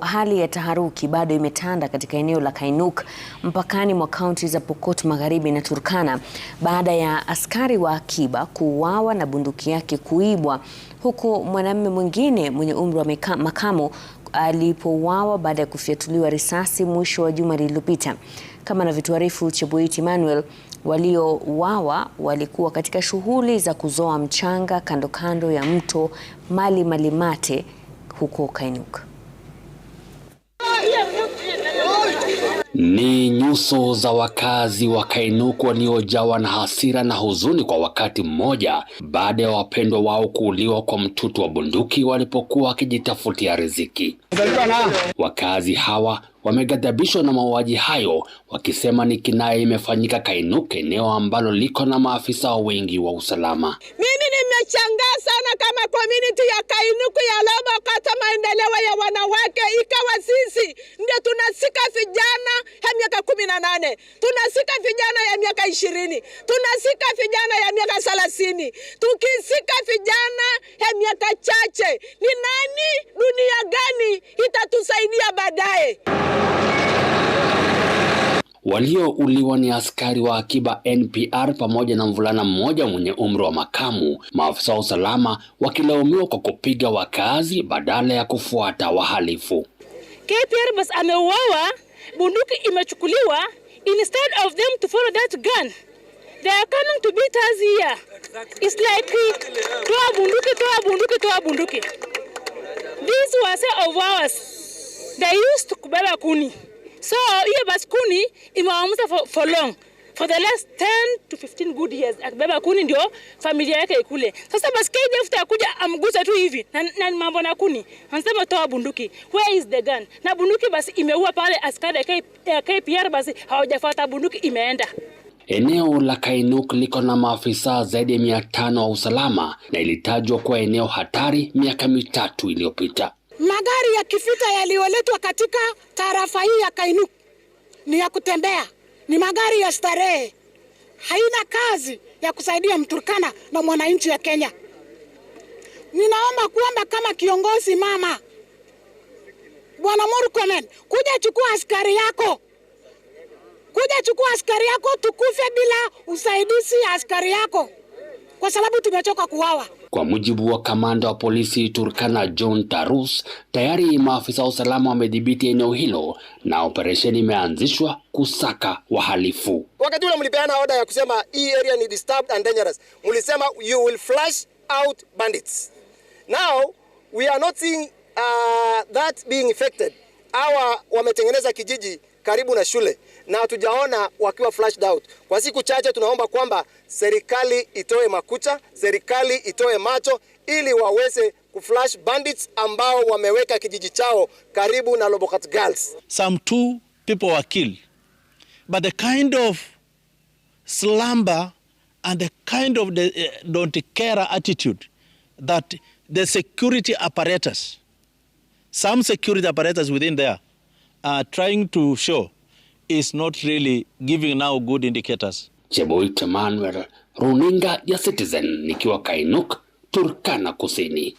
Hali ya taharuki bado imetanda katika eneo la Kainuk mpakani mwa kaunti za Pokot Magharibi na Turkana baada ya askari wa akiba kuuawa na bunduki yake kuibwa, huku mwanamume mwingine mwenye umri wa makamo alipouawa baada ya kufyatuliwa risasi mwisho wa juma lililopita. Kama anavyotuarifu Cheboit Emmanuel, waliouawa walikuwa katika shughuli za kuzoa mchanga kando kando ya mto Mali Malimate huko Kainuk. Ni nyuso za wakazi wa kainuku waliojawa na hasira na huzuni kwa wakati mmoja baada ya wapendwa wao kuuliwa kwa mtutu wa bunduki walipokuwa wakijitafutia riziki. Wakazi hawa wameghadhabishwa na mauaji hayo, wakisema ni kinaye imefanyika kainuku eneo ambalo liko na maafisa wengi wa usalama. Mimi nimechangaa sana kama community ya Kainuku ya nane tunasika vijana ya miaka ishirini tunasika vijana ya miaka thelathini tukisika vijana ya miaka chache, ni nani dunia gani itatusaidia baadaye? Waliouliwa ni askari wa akiba NPR pamoja na mvulana mmoja mwenye umri wa makamu. Maafisa wa usalama wakilaumiwa kwa kupiga wakazi badala ya kufuata wahalifu. KPR basi ameuawa bunduki imechukuliwa, instead of them to follow that gun they are coming to beat us here. It's like toa bunduki, toa bunduki, toa bunduki. These wazee of ours they used to kubeba kuni, so hiyo basi kuni imewamuza for, for long for the last 10 to 15 good years, akibeba kuni ndio familia yake ikule. Sasa basi KDF takuja amguse tu hivi na, na mambo na kuni, anasema toa bunduki, where is the gun? Na bunduki basi imeua pale askari ya KPR, basi hawajafuata bunduki, imeenda Eneo la Kainuk liko na maafisa zaidi ya mia tano wa usalama na ilitajwa kuwa eneo hatari miaka mitatu iliyopita. Magari ya kivita yaliyoletwa katika tarafa hii ya Kainuk ni ya kutembea, ni magari ya starehe haina kazi ya kusaidia Mturkana na mwananchi wa Kenya. Ninaomba kuomba kama kiongozi mama, Bwana Murkomen, kuja chukua askari yako, kuja chukua askari yako, tukufe bila usaidizi ya askari yako, kwa sababu tumechoka kuwawa. Kwa mujibu wa kamanda wa polisi Turkana John Tarus, tayari maafisa wa usalama wamedhibiti eneo hilo na operesheni imeanzishwa kusaka wahalifu. Wakati ule mlipeana oda ya kusema hii area ni disturbed and dangerous, mlisema you will flush out bandits. Now we are not seeing uh, that being affected. Hawa wametengeneza kijiji karibu na shule na hatujaona wakiwa flashed out. Kwa siku chache tunaomba kwamba serikali itoe makucha, serikali itoe macho ili waweze kuflash bandits ambao wameweka kijiji chao karibu na Lobokat Girls. Some two people were killed. But the kind of slumber and the kind of the, uh, don't care attitude that the security apparatus, some security apparatus within there are trying to show is not really giving now good indicators. cheboit Emmanuel, runinga ya Citizen, nikiwa Kainuk, Turkana Kusini.